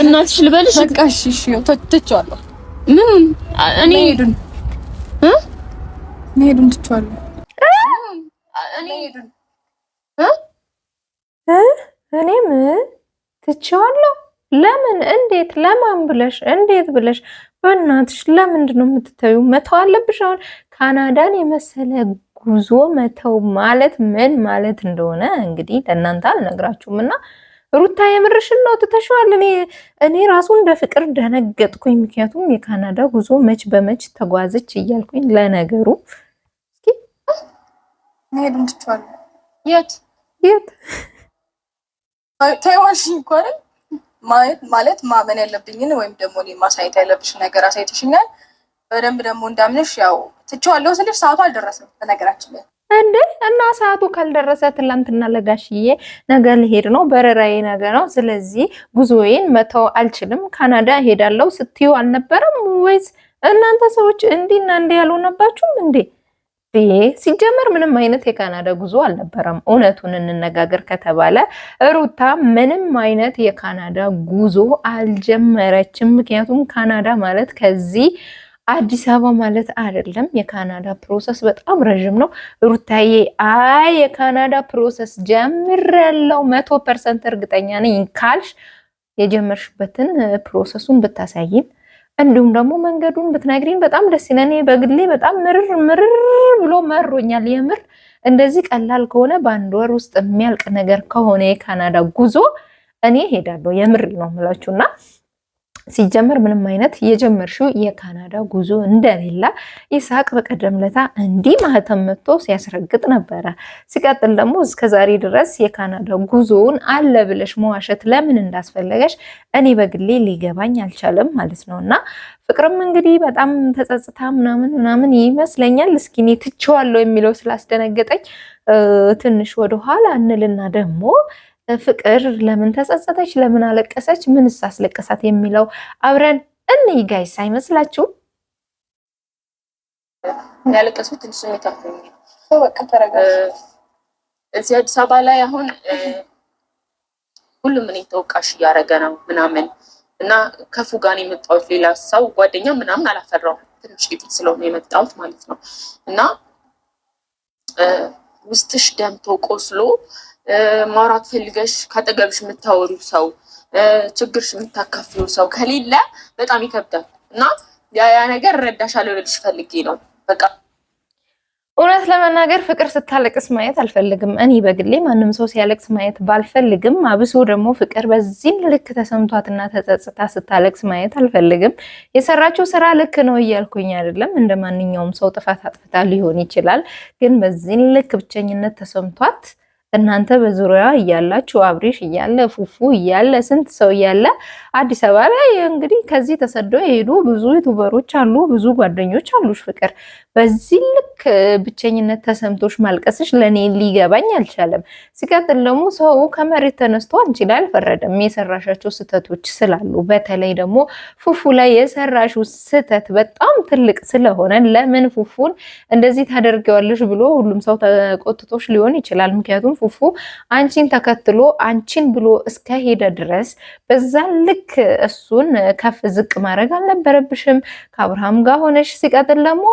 በእናትሽ ልበልሽ። በቃ እሺ፣ እሺ፣ ትቼዋለሁ። ምኑን? እኔ መሄዱን ትቼዋለሁ። እኔም ትቼዋለሁ። ለምን? እንዴት? ለማን ብለሽ? እንዴት ብለሽ? በእናትሽ ለምንድን ነው የምትተዩ? መተው አለብሽ። አሁን ካናዳን የመሰለ ጉዞ መተው ማለት ምን ማለት እንደሆነ እንግዲህ ለእናንተ አልነግራችሁም እና ሩታ የምርሽን ነው ትተሽዋል? እኔ እኔ ራሱ እንደ ፍቅር ደነገጥኩኝ። ምክንያቱም የካናዳ ጉዞ መች በመች ተጓዘች እያልኩኝ ለነገሩ የት የት ተይዋሽኝ እኮ አይደል? ማለት ማመን ያለብኝን ወይም ደግሞ እኔ ማሳየት ያለብሽ ነገር አሳይተሽኛል። በደንብ ደግሞ እንዳምንሽ ያው ትቼዋለሁ ስልሽ ሰዓቱ አልደረሰም በነገራችን ላይ እንደ እና ሰዓቱ ካልደረሰ ትላንትና ለጋሽዬ ነገ ልሄድ ነው በረራዬ ነገ ነው። ስለዚህ ጉዞዬን መተው አልችልም፣ ካናዳ እሄዳለሁ ስትዩ አልነበረም ወይስ እናንተ ሰዎች እንዲና እንዲ ያልሆነባችሁም እንዴ? ሲጀመር ምንም አይነት የካናዳ ጉዞ አልነበረም። እውነቱን እንነጋገር ከተባለ ሩታ ምንም አይነት የካናዳ ጉዞ አልጀመረችም። ምክንያቱም ካናዳ ማለት ከዚህ አዲስ አበባ ማለት አይደለም። የካናዳ ፕሮሰስ በጣም ረዥም ነው። ሩታዬ አይ የካናዳ ፕሮሰስ ጀምሬያለሁ መቶ ፐርሰንት እርግጠኛ ነኝ ካልሽ የጀመርሽበትን ፕሮሰሱን ብታሳይን እንዲሁም ደግሞ መንገዱን ብትነግሪን በጣም ደስ ይለን። በግሌ በጣም ምርር ምርር ብሎ መሮኛል። የምር እንደዚህ ቀላል ከሆነ በአንድ ወር ውስጥ የሚያልቅ ነገር ከሆነ የካናዳ ጉዞ እኔ ሄዳለሁ። የምር ነው ምላችሁና ሲጀመር ምንም አይነት የጀመርሽው የካናዳ ጉዞ እንደሌላ ይስሐቅ በቀደም ለታ እንዲህ ማህተም መጥቶ ሲያስረግጥ ነበረ። ሲቀጥል ደግሞ እስከዛሬ ድረስ የካናዳ ጉዞውን አለ ብለሽ መዋሸት ለምን እንዳስፈለገሽ እኔ በግሌ ሊገባኝ አልቻለም ማለት ነው። እና ፍቅርም እንግዲህ በጣም ተጸጽታ ምናምን ምናምን ይመስለኛል። እስኪ እኔ ትቼዋለሁ የሚለው ስላስደነገጠኝ ትንሽ ወደኋላ እንልና ደግሞ ፍቅር ለምን ተጸጸተች? ለምን አለቀሰች? ምንስ አስለቀሳት? የሚለው አብረን እንይ ጋይስ። አይመስላችሁም? ያለቀሱት ትንሽ ስሜት እዚህ አዲስ አበባ ላይ አሁን ሁሉም እኔ ተወቃሽ እያደረገ ነው ምናምን እና ከፉ ጋር የመጣሁት። ሌላ ሰው ጓደኛ ምናምን አላፈራውም ትንሽ ፊት ስለሆነ የመጣሁት ማለት ነው እና ውስጥሽ ደምቶ ቆስሎ ማውራት ፈልገሽ ከአጠገብሽ የምታወሩ ሰው ችግርሽ የምታካፍሉ ሰው ከሌለ በጣም ይከብዳል እና ያ ነገር ረዳሽ አለበልሽ ፈልጌ ነው በቃ እውነት ለመናገር ፍቅር ስታለቅስ ማየት አልፈልግም። እኔ በግሌ ማንም ሰው ሲያለቅስ ማየት ባልፈልግም፣ አብሶ ደግሞ ፍቅር በዚህም ልክ ተሰምቷትና ተጸጽታ ስታለቅስ ማየት አልፈልግም። የሰራችው ስራ ልክ ነው እያልኩኝ አይደለም። እንደ ማንኛውም ሰው ጥፋት አጥፍታ ሊሆን ይችላል። ግን በዚህን ልክ ብቸኝነት ተሰምቷት እናንተ በዙሪያ እያላችሁ አብሬሽ እያለ ፉፉ እያለ ስንት ሰው እያለ አዲስ አበባ ላይ እንግዲህ ከዚህ ተሰዶ የሄዱ ብዙ ዩቱበሮች አሉ፣ ብዙ ጓደኞች አሉሽ። ፍቅር በዚህ ልክ ብቸኝነት ተሰምቶሽ ማልቀስሽ ለእኔ ሊገባኝ አልቻለም። ሲቀጥል ደግሞ ሰው ከመሬት ተነስቶ አንቺ ላይ አልፈረደም። የሰራሻቸው ስህተቶች ስላሉ በተለይ ደግሞ ፉፉ ላይ የሰራሽው ስህተት በጣም ትልቅ ስለሆነ ለምን ፉፉን እንደዚህ ታደርገዋለሽ ብሎ ሁሉም ሰው ተቆጥቶሽ ሊሆን ይችላል። ምክንያቱም ፉፉ አንቺን ተከትሎ አንቺን ብሎ እስከሄደ ድረስ በዛ ልክ እሱን ከፍ ዝቅ ማድረግ አልነበረብሽም ከአብርሃም ጋር ሆነሽ። ሲቀጥል ደግሞ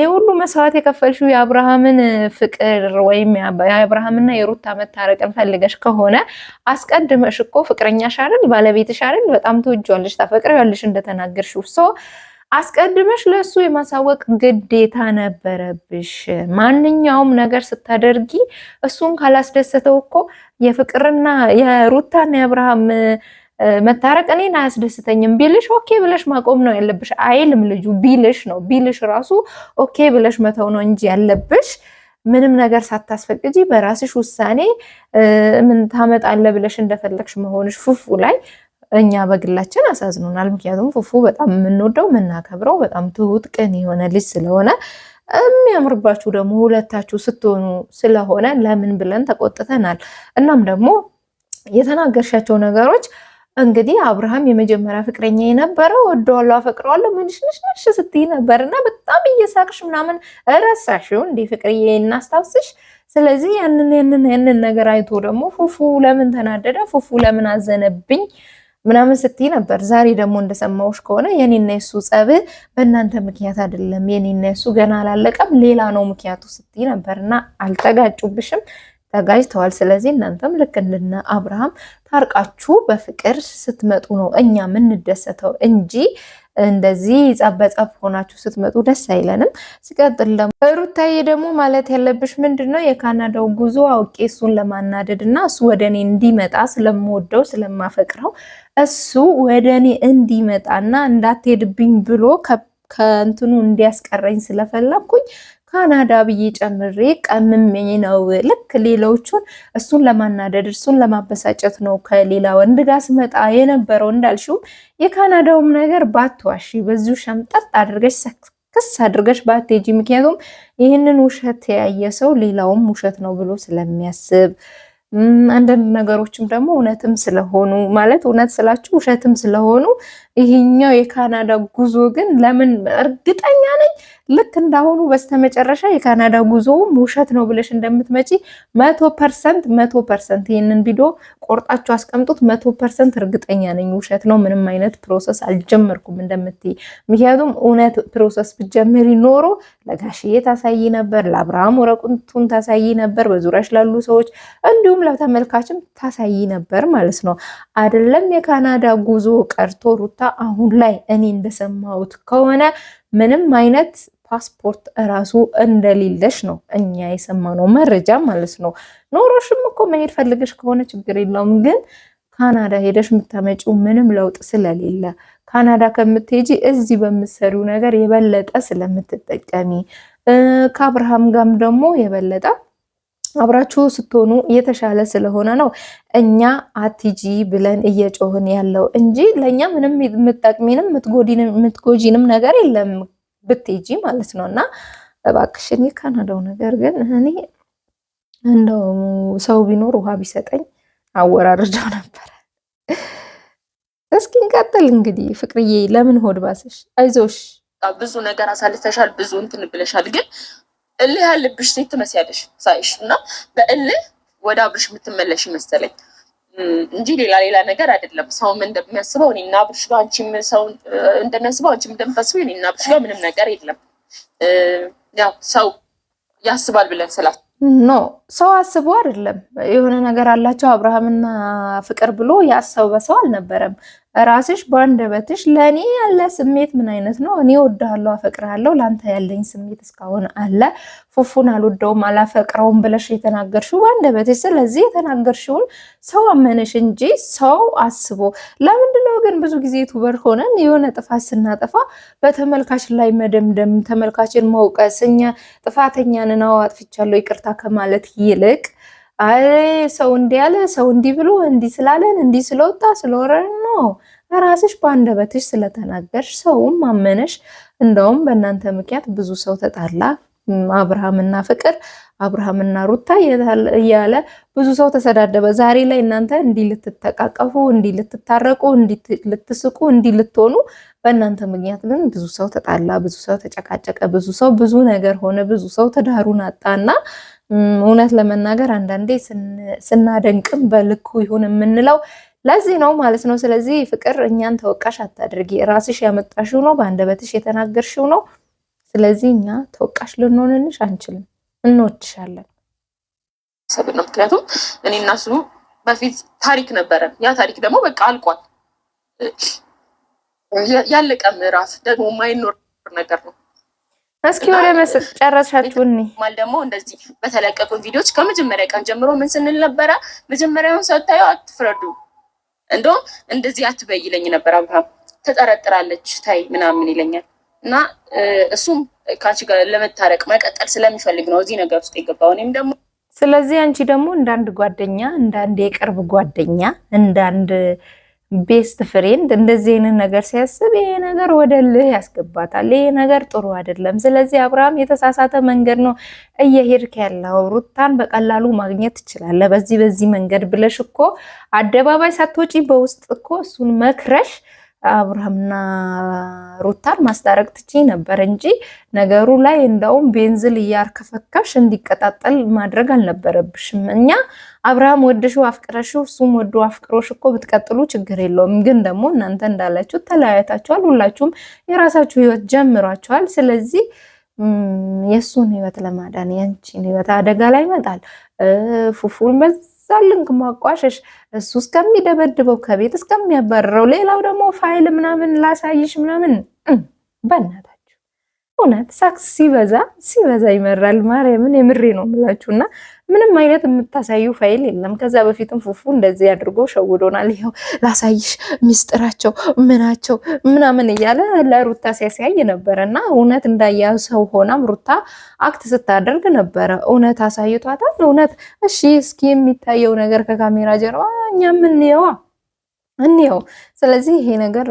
የሁሉ መስዋዕት የከፈልሽው የአብርሃምን ፍቅር ወይም የአብርሃምና የሩታ መታረቅን ፈልገሽ ከሆነ አስቀድመሽ እኮ ፍቅረኛሽ አይደል ባለቤትሽ አይደል በጣም ትወጂዋለሽ ታፈቅሪዋለሽ እንደተናገርሽው ሰው አስቀድመሽ ለእሱ የማሳወቅ ግዴታ ነበረብሽ። ማንኛውም ነገር ስታደርጊ እሱን ካላስደሰተው እኮ የፍቅርና የሩታን የአብርሃም መታረቅ እኔን አያስደስተኝም ቢልሽ ኦኬ ብለሽ ማቆም ነው ያለብሽ። አይልም ልጁ ቢልሽ ነው ቢልሽ ራሱ ኦኬ ብለሽ መተው ነው እንጂ ያለብሽ ምንም ነገር ሳታስፈቅጂ በራስሽ ውሳኔ ምን ታመጣለ ብለሽ እንደፈለግሽ መሆንሽ ፉፉ ላይ እኛ በግላችን አሳዝኖናል። ምክንያቱም ፉፉ በጣም የምንወደው የምናከብረው በጣም ትሁት ቅን የሆነ ልጅ ስለሆነ የሚያምርባችሁ ደግሞ ሁለታችሁ ስትሆኑ ስለሆነ ለምን ብለን ተቆጥተናል። እናም ደግሞ የተናገርሻቸው ነገሮች እንግዲህ አብርሃም የመጀመሪያ ፍቅረኛ የነበረው ወደዋለሁ፣ አፈቅረዋለሁ ምንሽንሽንሽ ስትይ ነበር እና በጣም እየሳቅሽ ምናምን ረሳሽው እንዲህ ፍቅርዬ እናስታውስሽ። ስለዚህ ያንን ያንን ያንን ነገር አይቶ ደግሞ ፉፉ ለምን ተናደደ? ፉፉ ለምን አዘነብኝ ምናምን ስትይ ነበር። ዛሬ ደግሞ እንደሰማዎች ከሆነ የኔና የሱ ጸብ በእናንተ ምክንያት አይደለም፣ የኔና የሱ ገና አላለቀም፣ ሌላ ነው ምክንያቱ ስትይ ነበር እና አልተጋጩብሽም፣ ተጋጅተዋል። ስለዚህ እናንተም ልክ እንደነ አብርሃም ታርቃችሁ በፍቅር ስትመጡ ነው እኛ የምንደሰተው እንጂ እንደዚህ ጸብ በጸብ ሆናችሁ ስትመጡ ደስ አይለንም። ሲቀጥል ደግሞ ሩታዬ ደግሞ ማለት ያለብሽ ምንድን ነው የካናዳው ጉዞ አውቄ እሱን ለማናደድ እና እሱ ወደ እኔ እንዲመጣ ስለምወደው ስለማፈቅረው እሱ ወደ እኔ እንዲመጣና እንዳትሄድብኝ ብሎ ከእንትኑ እንዲያስቀረኝ ስለፈለኩኝ ካናዳ ብዬ ጨምሬ ቀምሜ ነው ልክ ሌሎቹን እሱን ለማናደድ እሱን ለማበሳጨት ነው ከሌላ ወንድ ጋር ስመጣ የነበረው። እንዳልሽው የካናዳውም ነገር ባትዋሺ በዚሁ ሸምጠጥ አድርገሽ ክስ አድርገሽ ባትሄጂ፣ ምክንያቱም ይህንን ውሸት ያየ ሰው ሌላውም ውሸት ነው ብሎ ስለሚያስብ አንዳንድ ነገሮችም ደግሞ እውነትም ስለሆኑ ማለት እውነት ስላችሁ ውሸትም ስለሆኑ ይሄኛው የካናዳ ጉዞ ግን ለምን እርግጠኛ ነኝ ልክ እንዳሁኑ በስተመጨረሻ የካናዳ ጉዞውም ውሸት ነው ብለሽ እንደምትመጪ መቶ ፐርሰንት መቶ ፐርሰንት ይህንን ቪዲዮ ቆርጣችሁ አስቀምጡት። መቶ ፐርሰንት እርግጠኛ ነኝ ውሸት ነው። ምንም አይነት ፕሮሰስ አልጀመርኩም እንደምትይ። ምክንያቱም እውነት ፕሮሰስ ብጀምሪ ኖሮ ለጋሽዬ ታሳይ ነበር፣ ለአብርሃም ወረቀቱን ታሳይ ነበር፣ በዙሪያሽ ላሉ ሰዎች እንዲሁም ለተመልካችም ታሳይ ነበር ማለት ነው። አይደለም የካናዳ ጉዞ ቀርቶ ሩታ አሁን ላይ እኔ እንደሰማሁት ከሆነ ምንም አይነት ፓስፖርት እራሱ እንደሌለሽ ነው እኛ የሰማነው መረጃ ማለት ነው። ኖሮሽም እኮ መሄድ ፈልገሽ ከሆነ ችግር የለውም ግን ካናዳ ሄደሽ የምታመጪው ምንም ለውጥ ስለሌለ ካናዳ ከምትሄጂ እዚህ በምትሰሪው ነገር የበለጠ ስለምትጠቀሚ ከአብርሃም ጋርም ደግሞ የበለጠ አብራችሁ ስትሆኑ የተሻለ ስለሆነ ነው እኛ አትጂ ብለን እየጮህን ያለው እንጂ ለእኛ ምንም የምትጠቅሚንም የምትጎጂንም ነገር የለም ብትጂ ማለት ነው። እና እባክሽን የካናዳው ነገር ግን እኔ እንደው ሰው ቢኖር ውሃ ቢሰጠኝ አወራርደው ነበረ። እስኪ እንቀጥል እንግዲህ ፍቅርዬ፣ ለምን ሆድ ባሰሽ? አይዞሽ፣ ብዙ ነገር አሳልፈሻል፣ ብዙ እንትን ብለሻል ግን እልህ ያለብሽ ሴት ትመስያለሽ ሳይሽ እና በእልህ ወደ አብርሽ የምትመለሽ ይመስለኝ እንጂ ሌላ ሌላ ነገር አይደለም። ሰውም እንደሚያስበው እኔና አብርሽ ጋር አንቺም ሰው እንደሚያስበው አንቺም እንደምታስበው እኔና አብርሽ ጋር ምንም ነገር የለም። ያው ሰው ያስባል ብለን ስላት ኖ ሰው አስቦ አይደለም የሆነ ነገር አላቸው። አብርሃምና ፍቅር ብሎ ያሰው በሰው አልነበረም። ራስሽ በአንደበትሽ ለእኔ ያለ ስሜት ምን አይነት ነው? እኔ ወድሃለሁ፣ አፈቅርሃለሁ፣ ለአንተ ያለኝ ስሜት እስካሁን አለ። ፉፉን አልወደውም፣ አላፈቅረውም ብለሽ የተናገርሽው በአንደበትሽ። ስለዚህ የተናገርሽውን ሰው አመነሽ እንጂ ሰው አስቦ ለምንድን ነው ግን ብዙ ጊዜ ቱበር ሆነን የሆነ ጥፋት ስናጠፋ በተመልካች ላይ መደምደም፣ ተመልካችን መውቀስ፣ እኛ ጥፋተኛንን አዎ አጥፍቻለሁ ይቅርታ ከማለት ይልቅ አይ ሰው እንዲህ ያለ ሰው እንዲህ ብሎ እንዲህ ስላለን እንዲህ ስለወጣ ስለወረን ነው። ራስሽ በአንደበትሽ ስለተናገርሽ ሰውም አመነሽ። እንደውም በእናንተ ምክንያት ብዙ ሰው ተጣላ። አብርሃምና ፍቅር፣ አብርሃምና ሩታ እያለ ብዙ ሰው ተሰዳደበ። ዛሬ ላይ እናንተ እንዲህ ልትተቃቀፉ፣ እንዲህ ልትታረቁ፣ እንዲህ ልትስቁ፣ እንዲህ ልትሆኑ በእናንተ ምክንያት ግን ብዙ ሰው ተጣላ፣ ብዙ ሰው ተጨቃጨቀ፣ ብዙ ሰው ብዙ ነገር ሆነ፣ ብዙ ሰው ትዳሩን አጣና እውነት ለመናገር አንዳንዴ ስናደንቅም በልኩ ይሁን የምንለው ለዚህ ነው ማለት ነው። ስለዚህ ፍቅር እኛን ተወቃሽ አታድርጊ። ራስሽ ያመጣሽው ነው፣ በአንደበትሽ የተናገርሽው ነው። ስለዚህ እኛ ተወቃሽ ልንሆንንሽ አንችልም፣ እንወድሻለን። ሰብ ነው። ምክንያቱም እኔ እና እሱ በፊት ታሪክ ነበረን። ያ ታሪክ ደግሞ በቃ አልቋል። ያለቀ ምዕራፍ ደግሞ ማይኖር ነገር ነው። እስኪ ወደ መስል ጨረሳችሁኝ። ማል ደግሞ እንደዚህ በተለቀቁ ቪዲዮዎች ከመጀመሪያ ቀን ጀምሮ ምን ስንል ነበረ? መጀመሪያውን ሰታዩ አትፍረዱ፣ እንደውም እንደዚህ አትበይ ይለኝ ነበር አብርሃም። ተጠረጥራለች ታይ ምናምን ይለኛል እና እሱም ከአንቺ ጋር ለመታረቅ መቀጠል ስለሚፈልግ ነው እዚህ ነገር ውስጥ የገባው። እኔም ደግሞ ስለዚህ አንቺ ደግሞ እንዳንድ ጓደኛ እንዳንድ የቅርብ ጓደኛ እንዳንድ ቤስት ፍሬንድ እንደዚህ አይነት ነገር ሲያስብ ይሄ ነገር ወደ ልህ ያስገባታል። ይሄ ነገር ጥሩ አይደለም። ስለዚህ አብርሃም የተሳሳተ መንገድ ነው እየሄድክ ያለው። ሩታን በቀላሉ ማግኘት ትችላለህ በዚህ በዚህ መንገድ ብለሽ እኮ አደባባይ ሳትወጪ በውስጥ እኮ እሱን መክረሽ አብርሃምና ሩታን ማስታረቅ ትችይ ነበር እንጂ ነገሩ ላይ እንደውም ቤንዝል እያርከፈከፍሽ እንዲቀጣጠል ማድረግ አልነበረብሽም። እኛ አብርሃም ወደሽው አፍቅረሽው እሱም ወዶ አፍቅሮሽ እኮ ብትቀጥሉ ችግር የለውም። ግን ደግሞ እናንተ እንዳላችሁ ተለያይታችኋል። ሁላችሁም የራሳችሁ ህይወት ጀምሯችኋል። ስለዚህ የእሱን ህይወት ለማዳን ያንቺን ህይወት አደጋ ላይ ይመጣል። ፉፉን በዚ ዛልን ማቋሸሽ እሱ እስከሚደበድበው ከቤት እስከሚያባረረው፣ ሌላው ደግሞ ፋይል ምናምን ላሳይሽ ምናምን በእናት እውነት ሳክስ ሲበዛ ሲበዛ ይመራል። ማርያምን የምሬ ነው የምላችሁ እና ምንም አይነት የምታሳዩ ፋይል የለም። ከዛ በፊትም ፉፉ እንደዚህ አድርጎ ሸውዶናል። ይኸው ላሳይሽ ሚስጥራቸው ምናቸው ምናምን እያለ ለሩታ ሲያሳይ ነበረ እና እውነት እንዳያ ሰው ሆናም ሩታ አክት ስታደርግ ነበረ። እውነት አሳይቷታል። እውነት እሺ፣ እስኪ የሚታየው ነገር ከካሜራ ጀርባ እኛ ምንየዋ እንየው። ስለዚህ ይሄ ነገር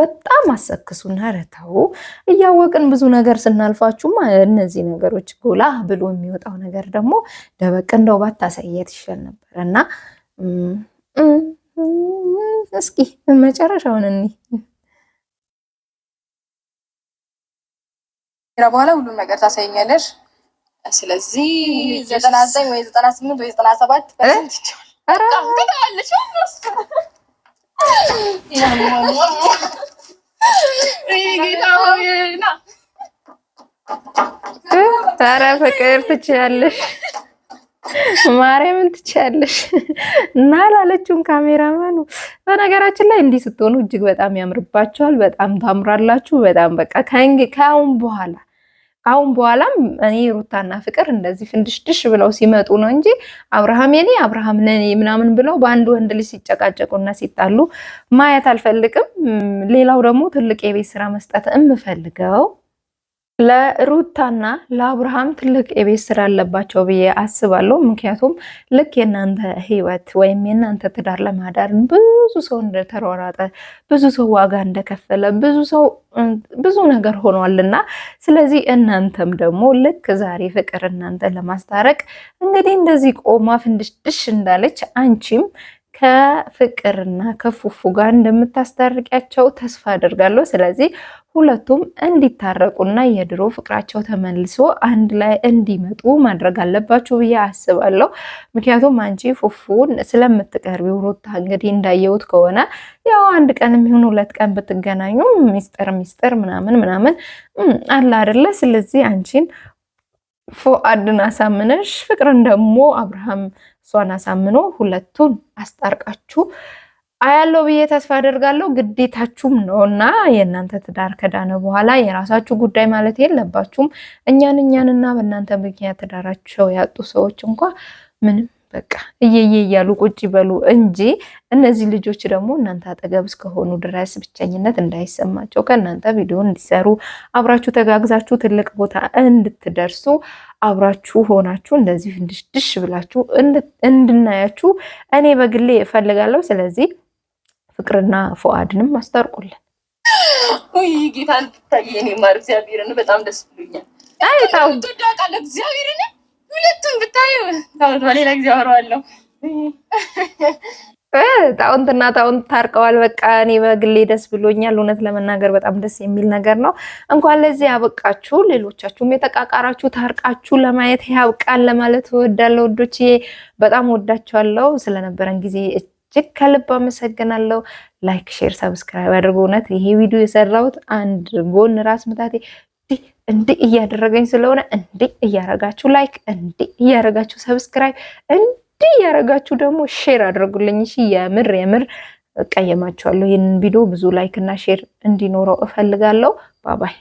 በጣም አሰክሱን። ኧረ ተው እያወቅን ብዙ ነገር ስናልፋችሁማ እነዚህ ነገሮች ጎላ ብሎ የሚወጣው ነገር ደግሞ ደበቅ እንደው ባታሳየት ይሻል ነበር እና እስኪ መጨረሻውን እኒ በኋላ ሁሉም ነገር ታሳይኛለሽ። ስለዚህ ዘጠና ዘጠኝ ወይ ዘጠና ስምንት ወይ ዘጠና ሰባት ኧረ ፍቅር ትችያለሽ፣ ማርያምን ትችያለሽ እና ላለችውን ካሜራማኑ። በነገራችን ላይ እንዲህ ስትሆኑ እጅግ በጣም ያምርባችኋል። በጣም ታምራላችሁ። በጣም በቃ ከአሁን በኋላ አሁን በኋላም እኔ ሩታና ፍቅር እንደዚህ ፍንድሽድሽ ብለው ሲመጡ ነው እንጂ አብርሃም የኔ አብርሃም ነኔ ምናምን ብለው በአንድ ወንድ ልጅ ሲጨቃጨቁና ሲጣሉ ማየት አልፈልግም። ሌላው ደግሞ ትልቅ የቤት ስራ መስጠት የምፈልገው ለሩታና ለአብርሃም ትልቅ የቤት ስራ አለባቸው ብዬ አስባለሁ። ምክንያቱም ልክ የእናንተ ህይወት ወይም የእናንተ ትዳር ለማዳር ብዙ ሰው እንደተሯሯጠ፣ ብዙ ሰው ዋጋ እንደከፈለ፣ ብዙ ሰው ብዙ ነገር ሆኗልና ስለዚህ እናንተም ደግሞ ልክ ዛሬ ፍቅር እናንተ ለማስታረቅ እንግዲህ እንደዚህ ቆማ ድሽ እንዳለች አንቺም ከፍቅርና ከፉፉ ጋር እንደምታስታርቂያቸው ተስፋ አደርጋለሁ። ስለዚህ ሁለቱም እንዲታረቁና የድሮ ፍቅራቸው ተመልሶ አንድ ላይ እንዲመጡ ማድረግ አለባችሁ ብዬ አስባለሁ። ምክንያቱም አንቺ ፉፉን ስለምትቀርቢው ሩታ እንግዲህ እንዳየሁት ከሆነ ያው አንድ ቀን የሚሆን ሁለት ቀን ብትገናኙ ሚስጥር ሚስጥር ምናምን ምናምን አለ አደለ? ስለዚህ አንቺን ፎአድን አሳምነሽ ፍቅርን ደግሞ አብርሃም እሷን አሳምኖ ሁለቱን አስጣርቃችሁ አያለው ብዬ ተስፋ አደርጋለሁ። ግዴታችሁም ነው እና የእናንተ ትዳር ከዳነ በኋላ የራሳችሁ ጉዳይ ማለት የለባችሁም። እኛን እኛንና በእናንተ ምክንያት ትዳራቸው ያጡ ሰዎች እንኳ ምንም በቃ እየዬ እያሉ ቁጭ ይበሉ እንጂ እነዚህ ልጆች ደግሞ እናንተ አጠገብ እስከሆኑ ድረስ ብቸኝነት እንዳይሰማቸው ከእናንተ ቪዲዮ እንዲሰሩ አብራችሁ ተጋግዛችሁ ትልቅ ቦታ እንድትደርሱ አብራችሁ ሆናችሁ እንደዚህ ድሽ ብላችሁ እንድናያችሁ እኔ በግሌ እፈልጋለሁ። ስለዚህ ፍቅርና ፉአድንም አስታርቁልን። ጌታ እንድታየ እኔ ማር እግዚአብሔርን በጣም ደስ ብሎኛል። አይ እግዚአብሔርን ሁለቱም ብታዩ በሌላ ጊዜ አወራዋለሁ። ጣውንትና ጣውንት ታርቀዋል። በቃ እኔ በግሌ ደስ ብሎኛል። እውነት ለመናገር በጣም ደስ የሚል ነገር ነው። እንኳን ለዚህ ያበቃችሁ። ሌሎቻችሁም የተቃቃራችሁ ታርቃችሁ ለማየት ያብቃል ለማለት እወዳለሁ። ወዶች በጣም ወዳችኋለሁ። ስለነበረን ጊዜ እጅግ ከልብ አመሰግናለሁ። ላይክ፣ ሼር፣ ሰብስክራይብ አድርጎ እውነት ይሄ ቪዲዮ የሰራሁት አንድ ጎን ራስ ምታቴ እንዲህ እንዲህ እያደረገኝ ስለሆነ እንዲህ እያረጋችሁ ላይክ፣ እንዲህ እያረጋችሁ ሰብስክራይብ፣ እንዲህ እያረጋችሁ ደግሞ ሼር አድርጉልኝ። እሺ የምር የምር እቀየማችኋለሁ። ይህንን ቪዲዮ ብዙ ላይክ እና ሼር እንዲኖረው እፈልጋለሁ። ባባይ